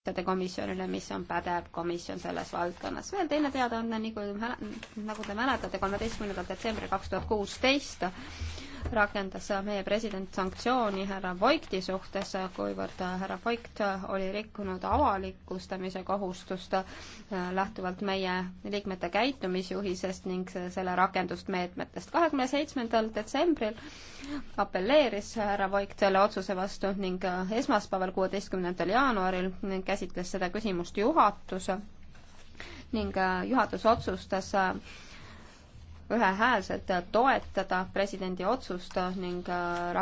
asjade komisjonile, mis on pädev komisjon selles valdkonnas. veel teine teadaanne, nagu te nagu mäletate, kolmeteistkümnendal detsembril kaks tuhat kuusteist rakendas meie president sanktsiooni härra Voigti suhtes, kuivõrd härra Voigt oli rikkunud avalikustamise kohustust äh, lähtuvalt meie liikmete käitumisjuhisest ning selle rakendust meetmetest. kahekümne seitsmendal detsembril apelleeris härra Voigt selle otsuse vastu ning äh, esmaspäeval, kuueteistkümnendal jaanuaril käsitles seda küsimust juhatus ning äh, juhatus otsustas ühehäälselt toetada presidendi otsust ning äh,